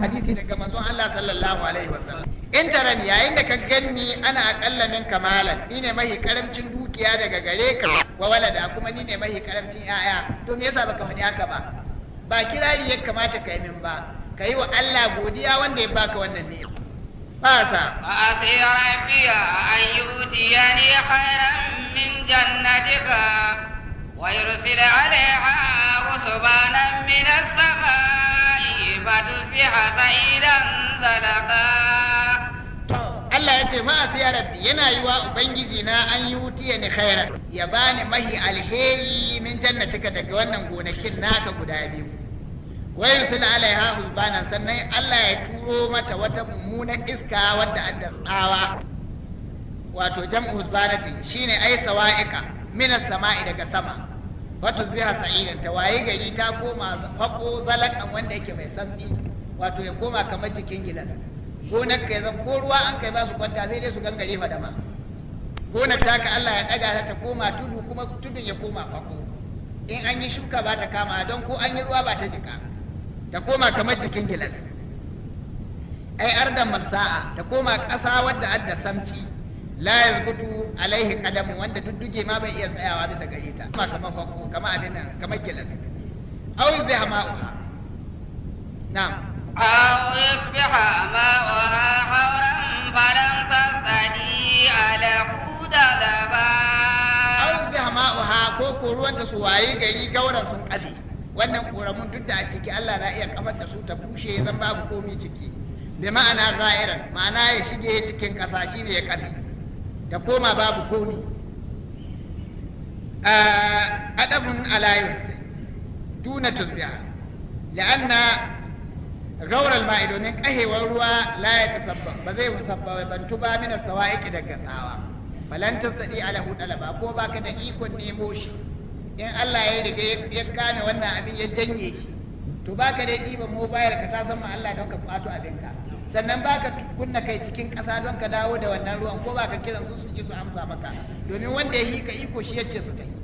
hadisi daga manzo Allah sallallahu alaihi wasallam in ni yayin da ka ganni ana akalla min kamalan ni ne mahi karamcin dukiya daga gare ka wa walada kuma ni ne mahi karamcin yaya to me yasa baka faɗi haka ba ba kirari ya kamata ka min ba ka wa Allah godiya wanda ya baka wannan ne fasa fasi rabbiya an yutiyani khairan min jannatika wa yursila alaiha usbanan min as-samaa فتصبح سعيدا زلقا Allah ya ce ma ya rabbi yana yi wa Ubangiji na an yi wutiya ni khairan ya bani mahi alheri min jannatika daga wannan gonakin naka guda biyu suna yursila alaiha bana sannan Allah ya turo mata wata mummunar iska wadda adda tsawa wato jam'u husbanati shine ai sawa'ika minas sama'i daga sama wata biya sa'irin ta waye gari ta koma fako zalakan wanda yake mai sanfi wato ya koma kamar cikin gilas gonar ka zan ko ruwa an kai ba su kwanta sai dai su gangare fadama gonar taka Allah ya daga ta koma tudu kuma tudun ya koma fako in an yi shuka ba ta kama don ko an yi ruwa ba ta jika ta koma kamar cikin gilas ai ardan marsa'a ta koma ƙasa wadda adda samci la yazbutu alaihi qadamu, wanda dudduge ma bai iya tsayawa bisa gare ta kuma kamar fakko kamar abin nan kamar gilas aw yusbiha ma'uha na'am aw yusbiha ma'uha hawran falan tastadi ala qudalaba aw yusbiha ma'uha ko ko ruwan da su waye gari gauran sun kabe wannan koramun duk da a ciki Allah na iya kamar da su ta bushe zan babu komi ciki bi ma'ana ra'iran ma'ana ya shige cikin kasa shine ya kabe ta koma babu komi adabun alayus tuna tusbiya la'anna gaurar alma'i domin kahewar ruwa la ya tasabba ba zai musabba ban tuba mina sawa'iqi daga tsawa falan tasadi ala hudalaba ko baka da ikon nemo shi in Allah ya riga ya kame wannan abin ya janye shi to baka da ɗiban mobile ka ta zama Allah don ka kwato ka. sannan ba ka kunna kai cikin ƙasa don ka dawo da wannan ruwan ko ba ka kiran su su ji su amsa maka domin wanda ya hika iko shi ya ce su ta yi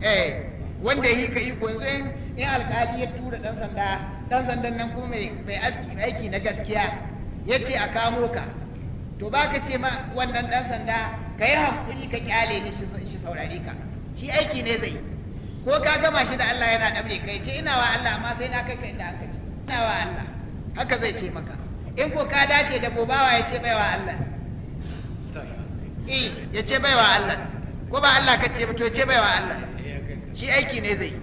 eh wanda ya hika iko yanzu in alkali ya tura ɗan sanda ɗan sandan nan kuma mai aiki na gaskiya ya ce a kamo ka to ba ka ce ma wannan ɗan sanda ka yi hankuli ka kyale ni shi saurare ka shi aiki ne zai ko ka gama shi da Allah yana ɗamre kai ce ina wa Allah amma sai na kai ka inda aka ce ina wa Allah haka zai ce maka in ko ka dace da bobawa ya ce baiwa Allah eh ya ce baiwa Allah ko ba Allah ka ce ba to ya ce baiwa Allah shi aiki ne zai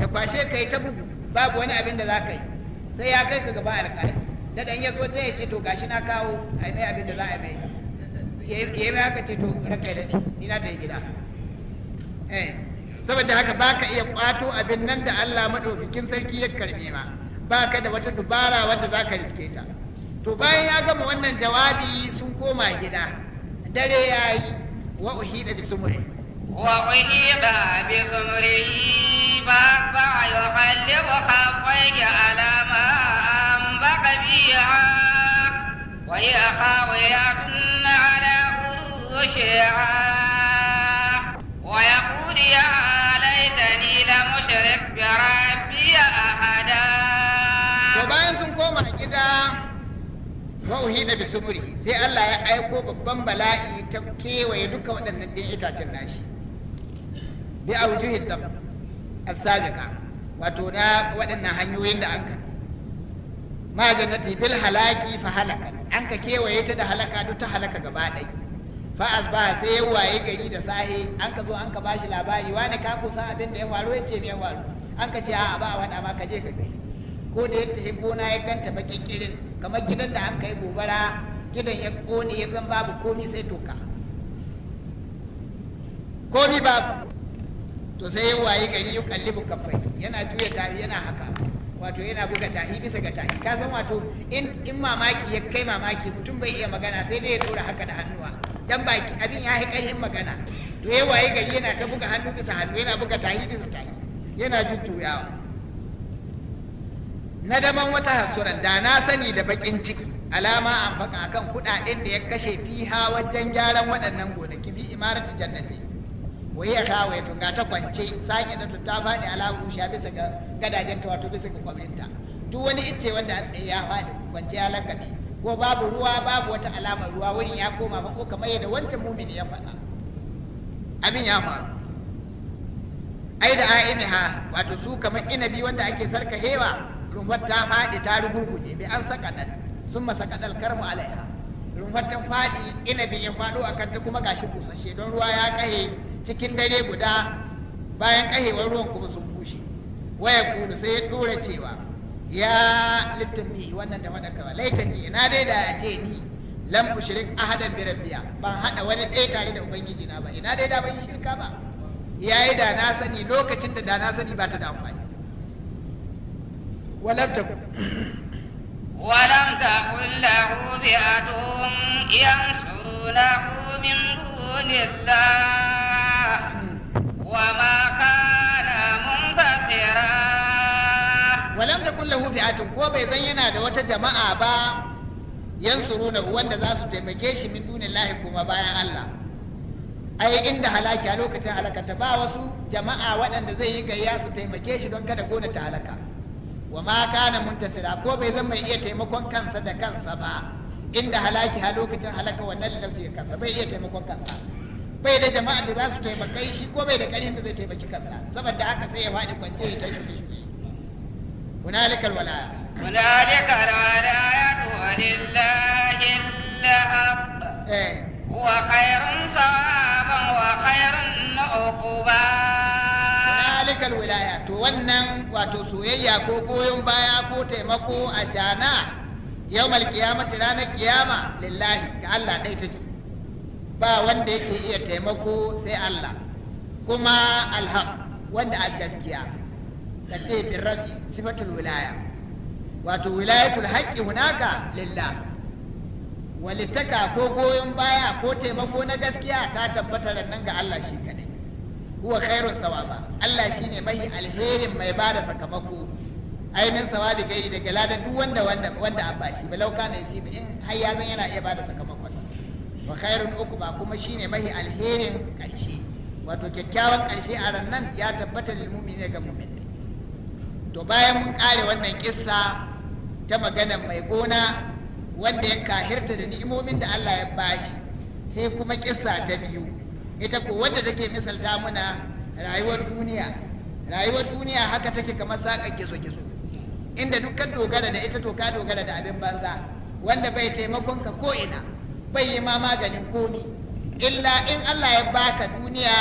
ya kwashe kai ta bugu babu wani abin da za ka yi sai ya kai ka gaba alƙali da dan ya zo ta ya ce to gashi na kawo ai mai abin da za a mai yi mai haka ce to ranka da ni na ta yi gida eh saboda haka baka iya kwato abin nan da Allah madaukakin sarki ya karbe ma ba ka da wata dubara wanda za ka riske ta to bayan ya gama wannan jawabi sun koma gida dare ya yi wa uhida bi sumri wa uhida bi sumri ba ba yuqallibu khafayhi ala ma anbaqa biha wa hiya khawiyatun ala urushiha wa ya yaqulu ya a gida wauhi na bisumuri sai Allah ya aiko babban bala'i ta kewaye duka waɗannan ɗin itacen nashi bi a wujuhin da asabiqa wato na waɗannan hanyoyin da an ka ma jannati bil halaki fa halaka an ka kewaye ta da halaka duk ta halaka gaba ɗaya fa asba sai ya waye gari da sahi an ka zo an ka bashi labari wani ka kusa abin da ya faru ya ce ne ya faru an ka ce a'a ba a wada ma ka je ka gani ko da ya tafi gona ya ganta baƙi ƙirin, kamar gidan da an kai gobara gidan ya ƙone ya zan babu komi sai toka komi babu to sai yin waye gari ya kallibu kafai yana juya tafi yana haka wato yana buga tahi bisa ga tahi ka san wato in mamaki ya kai mamaki mutum bai iya magana sai dai ya tura haka da hannuwa dan baki abin ya yi yin magana to ya waye gari yana ta buga hannu bisa hannu yana buga tahi bisa tahi yana jujjuyawa na daban wata hasuran da na sani da bakin ciki alama an faka akan kudaden da ya kashe fiha wajen gyaran waɗannan gonaki bi imaratu jannati waye ya kawo ya tunga ta kwance sake da ta faɗi alamu sha bisa ga gadajen ta wato bisa ga kwabrinta duk wani icce wanda a tsaye ya faɗi kwance ya lakabi ko babu ruwa babu wata alamar ruwa wurin ya koma ba ko kamar yadda wancan mumini ya faɗa abin ya faru ai da a'imiha wato su kamar inabi wanda ake sarka hewa Rumfatta ta faɗi ta rugurguje bai an sakaɗar sun ma sakaɗar karmu alaiha rumfar ta faɗi inabin ya faɗo a kanta kuma gashi busashe don ruwa ya kahe cikin dare guda bayan ƙahewar ruwan kuma sun bushe waya kulu sai ya ɗora cewa ya littin bi wannan da faɗa laita ni ina dai da ce ni lam ushrik ahadan bi rabbiya ban hada wani ɗaya tare da ubangiji na ba ina dai da ban shirka ba yayi da na sani lokacin da da na sani ba ta da amfani ولم تكن ولم تكن له ko bai zan yana da wata jama'a ba yansuruna wanda za su taimake shi min dunin lahi kuma bayan Allah ai inda halaki a lokacin halakata ba wasu jama'a waɗanda zai yi gayya su taimake shi don kada gona ta halaka wa ma kana muntasira ko bai zama mai iya taimakon kansa da kansa ba inda halaki ha lokacin halaka wannan da ya kansa bai iya taimakon kansa bai da jama'a da za su taimakai shi ko bai da ƙarfin da zai taimaki kansa saboda haka sai ya faɗi kwance ya ta shirye shirye hunalikal walaya hunalikal walaya walillahi al-haq eh huwa khairun sawaban wa khairun uquba tilkal wilaya to wannan wato soyayya ko goyon baya ko taimako a jana yau malkiyamata ranar kiyama lillahi ga Allah ɗai take ba wanda yake iya taimako sai Allah kuma alhaq wanda al gaskiya ka ce birrafi sifatul wilaya wato wilayatul haƙƙi hunaka lillah walittaka ko goyon baya ko taimako na gaskiya ta tabbatar nan ga Allah shi kadai huwa khairun sawaba Allah shine mai alherin mai bada sakamako ainin sawabi da daga ladan duk wanda wanda wanda an bashi balau kana yi in har ya zan yana iya bada sakamakon wa khairun ba kuma shine mai alherin karshe wato kyakkyawan karshe a ran nan ya tabbata lil mu'mini ga mu'mini to bayan mun kare wannan kissa ta maganar mai gona wanda ya kahirta da ni'imomin da Allah ya bashi sai kuma kissa ta biyu ita ko wadda take misalta muna rayuwar duniya rayuwar duniya haka take kamar saƙa gizo-gizo inda dukkan dogara da ita to ka dogara da abin banza wanda bai taimakon ka ko ina bai yi ma maganin komi illa in Allah ya baka duniya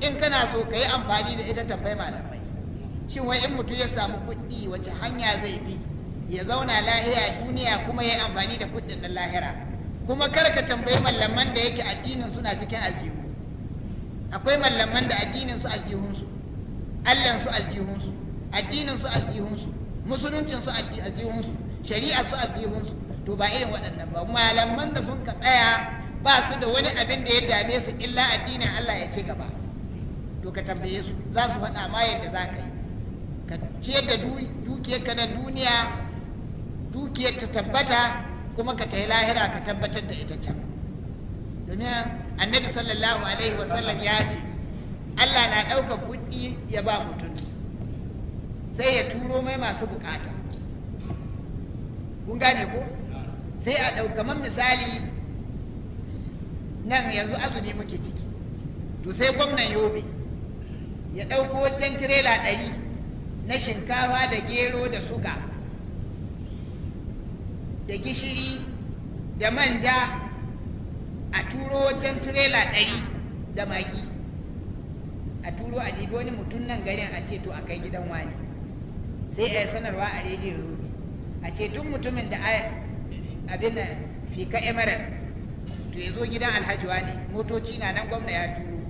in kana so ka yi amfani da ita tambayi malamai shin wai in mutum ya samu kuɗi wace hanya zai bi ya zauna lahiya duniya kuma ya yi amfani da kuɗin na lahira kuma kar ka tambayi malaman da yake addinin suna cikin aljihu akwai mallaman da addinin su aljihunsu allan su aljihunsu addinin su aljihunsu musuluncin su aljihunsu shari'a su aljihunsu to ba irin waɗannan ba malaman da sun ka tsaya ba su da wani abin da ya dame su illa addinin Allah ya ce gaba to ka tambaye su za su faɗa ma yadda za ka yi ka ciyar da dukiyar ka na duniya dukiyar ta tabbata kuma ka tafi lahira ka tabbatar da ita can domin annabi sallallahu alaihi wasallam ya ce Allah na ɗaukar kuɗi ya ba mutum sai ya turo mai masu bukata kun gane ko sai a man misali nan yanzu azumi muke ciki to sai gwamnan yobe ya ɗauko wajen tirela ɗari na shinkafa da gero da suga da gishiri da manja a turo wajen turela ɗari da magi a turo a jibi wani mutum nan garin a ce to a kai gidan wani sai a yi sanarwa a rediyo rubi a ce tun mutumin da abin fika emirat to ya zo gidan alhaji wani motoci na nan gwamna ya turo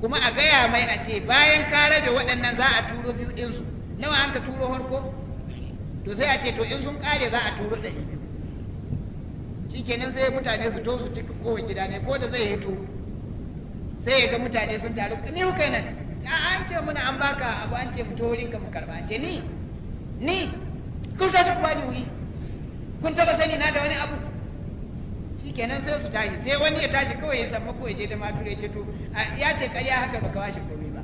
kuma a gaya mai a ce bayan ka rabe waɗannan za a turo biyu ɗinsu nawa an ka turo harko to sai a ce to in sun ƙare za a turo ɗari biyu shikenan sai mutane su to su cika kowa gida ne ko da zai hito sai ya ga mutane sun taru ni kuka nan an ce muna an baka abu an ce fito wurin ka mu karba ce ni ni kun tashi kuma ni wuri kun taba sani na da wani abu shikenan sai su tashi sai wani ya tashi kawai ya samu ko je da mature ce to ya ce kariya haka baka shi komai ba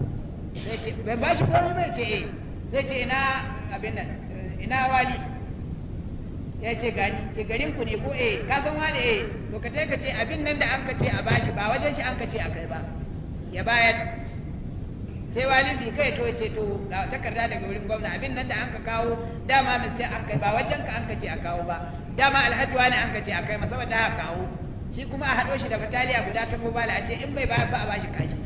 zai ce bai bashi komai ba ya ce eh zai ce ina abin nan ina wali ya ce gani ce garin ku ne ko eh ka san wani eh to ka ka ce abin nan da an ka ce a bashi ba wajen shi an ka ce a kai ba ya bayar sai bi kai to ce to ga takarda daga wurin gwamna abin nan da an ka kawo dama sai an kai ba wajen ka an ka ce a kawo ba dama alhaji wani an ka ce a kai masa da a kawo shi kuma a haɗo shi da bataliya guda ta mobile a ce in bai ba ba a bashi kashi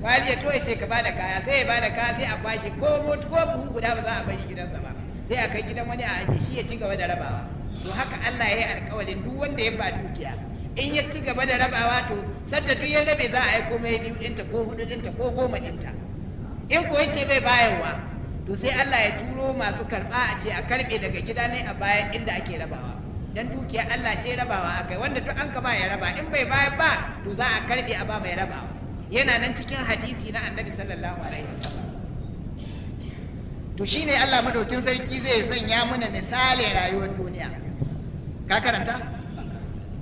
wani ya to ya ce ka bada kaya sai ya bada kaya sai a bashi ko mot ko buhu guda ba za a bari gidansa ba Zai a kai gidan wani a aje shi ya ci gaba da rabawa to haka Allah ya yi alƙawarin duk wanda ya ba dukiya in ya ci gaba da rabawa to sadda duk ya rabe za a yi komai biyu dinta, ko hudu dinta ko goma dinta. in ko yace bai bayarwa to sai Allah ya turo masu karba a ce a karɓe daga gida ne a bayan inda ake rabawa dan dukiya Allah ce rabawa akai wanda duk an ka ba ya raba in bai bayar ba to za a karɓe a ba mai rabawa yana nan cikin hadisi na annabi sallallahu alaihi wasallam to shi ne Allah madaukin sarki zai sanya mana misalin rayuwar duniya ka karanta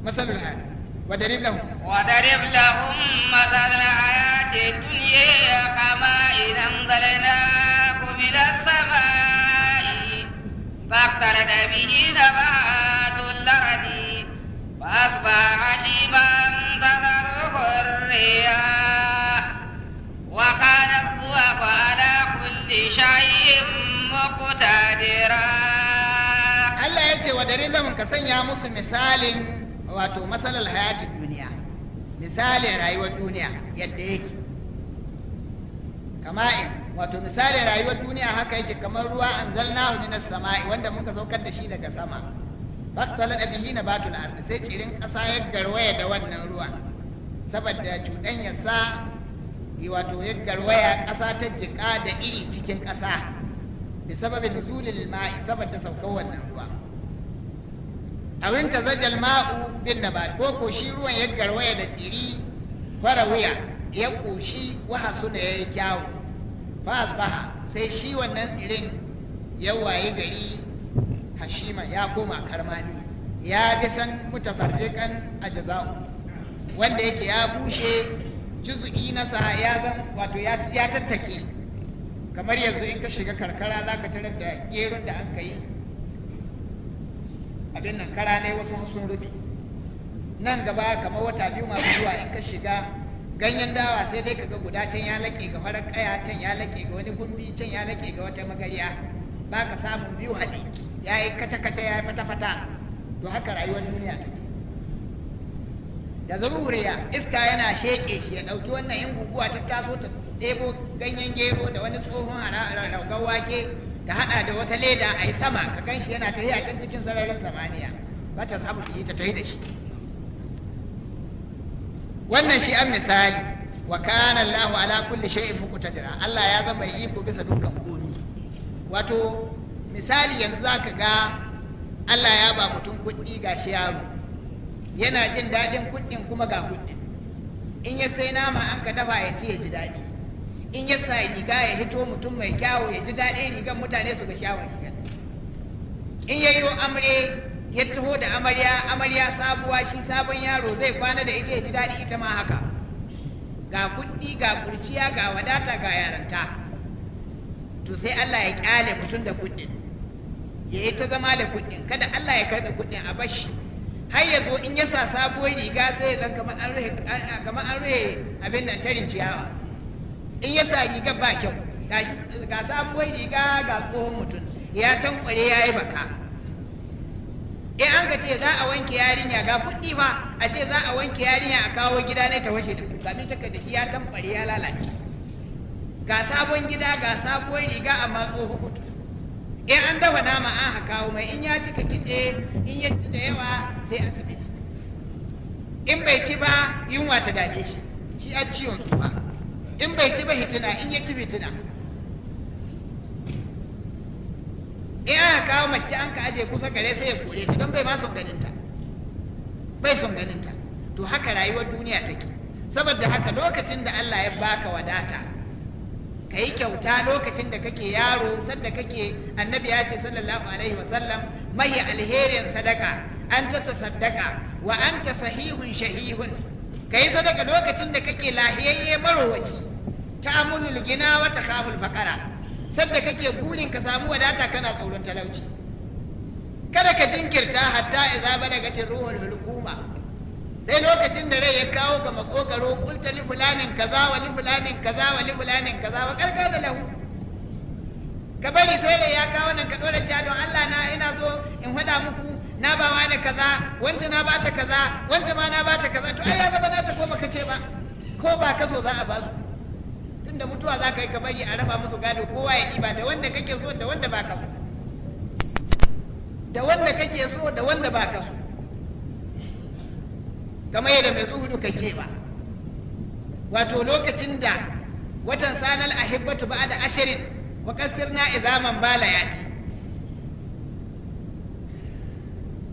masalul hali wadarib lahum wadarib lahum masalan ayati dunya kama idan zalana kumila samai فاقترن به نبات الأرض فأصبح هشيما qadarilam ka sanya musu misalin wato matsalar hayatin duniya misalin rayuwar duniya yadda yake kama wato misalin rayuwar duniya haka yake kamar ruwa anzalnahu minas sama'i wanda muka saukar da shi daga sama fattala da bihi na batul ardi sai cirin ƙasa ya garwaya da wannan ruwa saboda cuɗan ya sa wato ya garwaya ƙasa ta jiƙa da iri cikin ƙasa bi sababin nuzulil ma'i saboda saukar wannan ruwa awin ta zajal ma'u bin nabat ko ko shi ruwan ya garwaya da tsiri fara wuya ya ƙoshi waha suna ya yi kyawu fa sai shi wannan tsirin ya waye gari hashima ya koma karmani ya bi san mutafarrikan ajza'u wanda yake ya bushe juz'i nasa ya zan wato ya tattake kamar yanzu in ka shiga karkara zaka tarar da geron da an kai abin nan kara ne wasu sun rufe nan gaba kamar wata biyu masu zuwa in ka shiga ganyen dawa sai dai kaga guda can ya laƙe ga farar ƙaya can ya laƙe ga wani gumbi can ya laƙe ga wata magarya ba ka samun biyu haɗi ya yi kaca ya yi fata-fata to haka rayuwar duniya ta ke. da zaruriya iska yana sheƙe shi ya ɗauki wannan yan guguwa ta taso ta ɗebo ganyen gero da wani tsohon raugar wake ta haɗa da wata leda a yi sama ka gan shi yana ta a can cikin sararin samaniya ba ta zamu yi ta yi da shi wannan shi an misali wa kana Allahu ala kulli shay'in muqtadira Allah ya zama iko bisa dukkan komi wato misali yanzu zaka ga Allah ya ba mutum kuɗi ga shi yaro yana jin daɗin kuɗin kuma ga kuɗin in ya sai nama an ka dafa ya ci ya ji daɗi in ya sa riga ya hito mutum mai kyawu ya ji daɗin rigan mutane su ga shawar shi in ya yi amare ya taho da amarya amarya sabuwa shi sabon yaro zai kwana da ita ya ji daɗi ita ma haka ga kuɗi ga kurciya ga wadata ga yaranta to sai Allah ya kyale mutum da kuɗin ya yi ta zama da kuɗin kada Allah ya karɓe kuɗin a bashi har ya zo in ya sa sabuwar riga sai ya zan kamar an ruhe abin nan tarin ciyawa in ya sa riga ba kyau ga sabuwar riga ga tsohon mutum ya tankware ya yi baka in an ka ce za a wanke yarinya ga kuɗi ma a ce za a wanke yarinya a kawo gida ne ta washe da kuka min takarda shi ya tankware ya lalace ga sabon gida ga sabuwar riga amma tsohon mutum in an dafa nama an ha kawo mai in ya cika kice in ya ci da yawa sai asibiti in bai ci ba yunwa ta dame shi shi a ciwon tsufa in bai ci ba hitina in ya ci fitina in aka kawo mace an ka aje kusa gare sai ya kore ta don bai ma son ganinta bai son ganinta to haka rayuwar duniya take saboda haka lokacin da Allah ya baka wadata ka yi kyauta lokacin da kake yaro sadda kake annabi ya ce sallallahu alaihi wa sallam, mahi alherin sadaka an ta sadaka, wa anta sahihun shahihun ka yi sadaka lokacin da kake lahiyayye marowaci ta'amunul gina wa takhaful faqara sadda kake gurin ka samu wadata kana tsoron talauci kada ka jinkirta hatta idza balagatir ruhul hulquma sai lokacin da rai ya kawo ga makogaro kulta li fulanin kaza wa li fulanin kaza wa li fulanin kaza wa karka da lahu ka bari sai rai ya kawo nan ka dora cewa don Allah na ina so in fada muku na ba wani kaza wance na ba ta kaza wance ma na ba ta kaza to ai ya zama na ta ko baka ce ba ko ba ka so za a ba su tunda mutuwa za ka yi bari a raba musu gado kowa ya ɗiba da wanda kake so da wanda ba ka so da wanda kake so da wanda ba ka so kamar yadda mai zuhudu ka ba. wato lokacin da watan Sanal a ahibbatu ba da ashirin wa kasirna izaman bala yati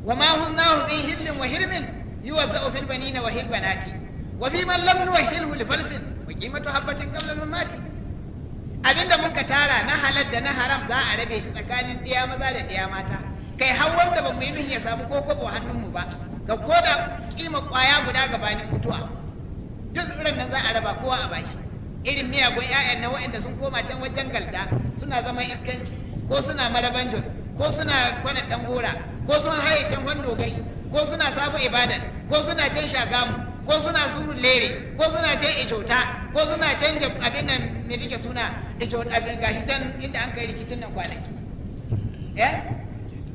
wa ma hunnahu bi hillin wa hirmin yuwazza'u fil na wa hil wa fi man lam nuwahhilhu li falsin wa qimatu habatin qabla al-mamati abinda mun tara na halal da na haram za a rage shi tsakanin ɗaya maza da ɗaya mata kai har wanda ba mu yi ya samu ko kobo hannunmu ba ga ko da kima kwaya guda gabanin mutuwa duk irin nan za a raba kowa a bashi irin miyagun 'ya'yan na waɗanda sun koma can wajen galda suna zaman iskanci ko suna maraban jos ko suna kwanan ɗan gora ko sun haye can wando gari ko suna sabu ibadan ko suna can shagamu ko suna surun lere ko suna ce ijota ko suna canja abin nan me take suna ijota abin ga hijan inda an kai rikicin nan kwanaki eh, eh?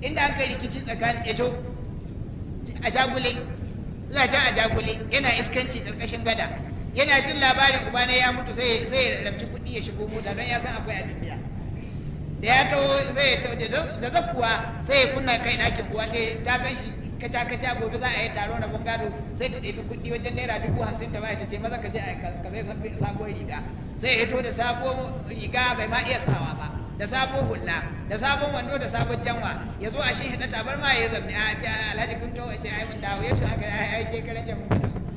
inda an kai rikici tsakanin ijo a jagule suna can a jagule yana iskanci karkashin gada yana jin labarin uba na ya mutu sai sai rabci kuɗi ya shigo mota don ya san akwai abin biya da ya taho zai da zakuwa sai ya kunna kai dakin uwa ta ganshi. shi kaca kaca gobe za a yi taro na bangado sai ta ɗebi kuɗi wajen naira dubu hamsin ta bai ta ce maza ka je ka sai sabon riga sai ya to da sabon riga bai ma iya sawa ba da sabon hulla da sabon wando da sabon janwa ya zo a shi hada tabar ma ya zamne a ce alhaji kun tawo ce ai mun dawo ya shi haka ai shekaran jan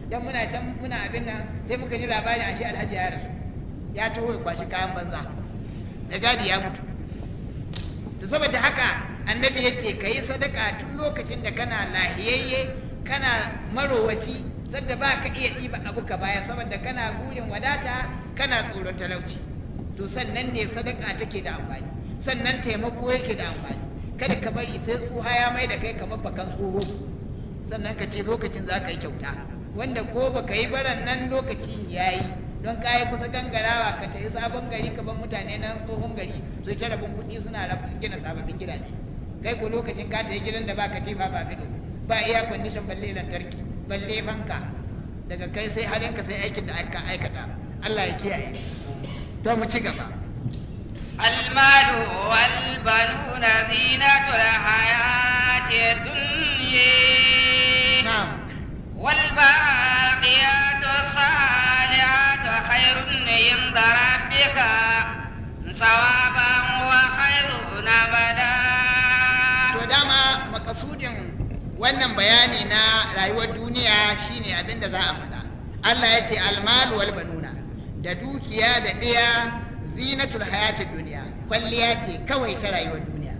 dan muna can muna abin nan sai muka ji labari a shi alhaji ya rasu ya taho ya kwashi kayan banza da gadi ya mutu to saboda haka annabi ya ce ka yi sadaka tun lokacin da kana lahiyayye kana marowaci sadda ba ka iya ɗiba abu ka baya saboda kana gurin wadata kana tsoron talauci to sannan ne sadaka take da amfani sannan taimako yake da amfani kada ka bari sai tsoha ya mai da kai kamar bakan tsoho sannan ka ce lokacin za ka yi kyauta wanda ko ba ka yi baran nan lokacin ya yi don ka yi kusa dangarawa, ka tafi sabon gari ka bar mutane na tsohon gari su ke kuɗi suna gina sababbin gidaje kai ku lokacin ka tafi gidan da ba katifa ba filo ba iya kwandishin balle lantarki balle fanka daga kai sai halinka sai aikin da aka aikata Allah ya kiyaye to mu ci gaba المال والبنون زينة الحياة الدنيا نعم والباقيات الصالحات خير عند ربك ثوابا وخير نبدا makasudin wannan bayani na rayuwar duniya shine abin da za a faɗa Allah ya ce almalu wal banuna da dukiya da ɗaya zinatul hayati duniya kwalliya ce kawai ta rayuwar duniya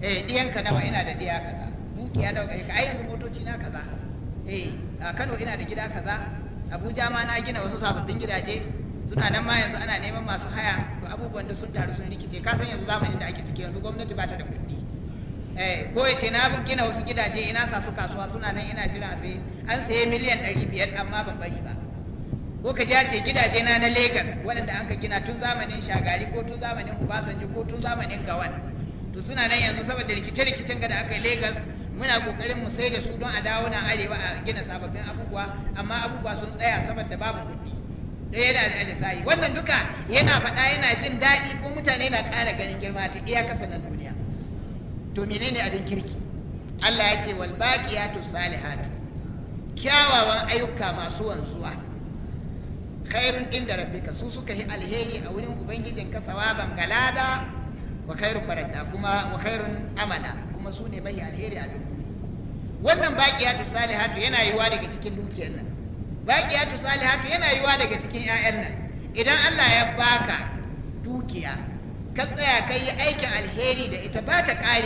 eh ka nawa ina da ɗiya kaza dukiya da gare ka ai yanzu motoci na kaza eh a Kano ina da gida kaza Abuja ma na gina wasu sababbin gidaje suna nan ma yanzu ana neman masu haya to abubuwan da sun taru sun rikice ka san yanzu zamanin da ake ciki yanzu gwamnati ba ta da kuɗi Eh, ko ya ce na gina wasu gidaje ina sa su kasuwa suna nan ina jira sai an saye miliyan ɗari biyar amma ban bari ba ko ka ja ce gidaje na na Legas waɗanda an ka gina tun zamanin Shagari ko tun zamanin Obasanjo ko tun zamanin Gawan to suna nan yanzu saboda rikice-rikicen ga da aka yi Legas muna kokarin mu sai da su don a dawo na arewa a gina sababbin abubuwa amma abubuwa sun tsaya saboda babu kuɗi da yana da alisayi wannan duka yana faɗa yana jin daɗi ko mutane na ƙara ganin girma ta iya kasa na duniya to menene abin kirki Allah ya ce wal baqiyatu salihat kyawawan ayyuka masu wanzuwa khairun inda rabbika su suka yi alheri a wurin ubangijin ka sawaban galada wa khairun farada kuma wa khairun amala kuma su ne mahi alheri a duniya wannan baqiyatu salihat yana yiwa daga cikin dukiyar nan baqiyatu salihat yana yiwa daga cikin ƴaƴan nan idan Allah ya baka dukiya ka tsaya kai aikin alheri da ita ba ta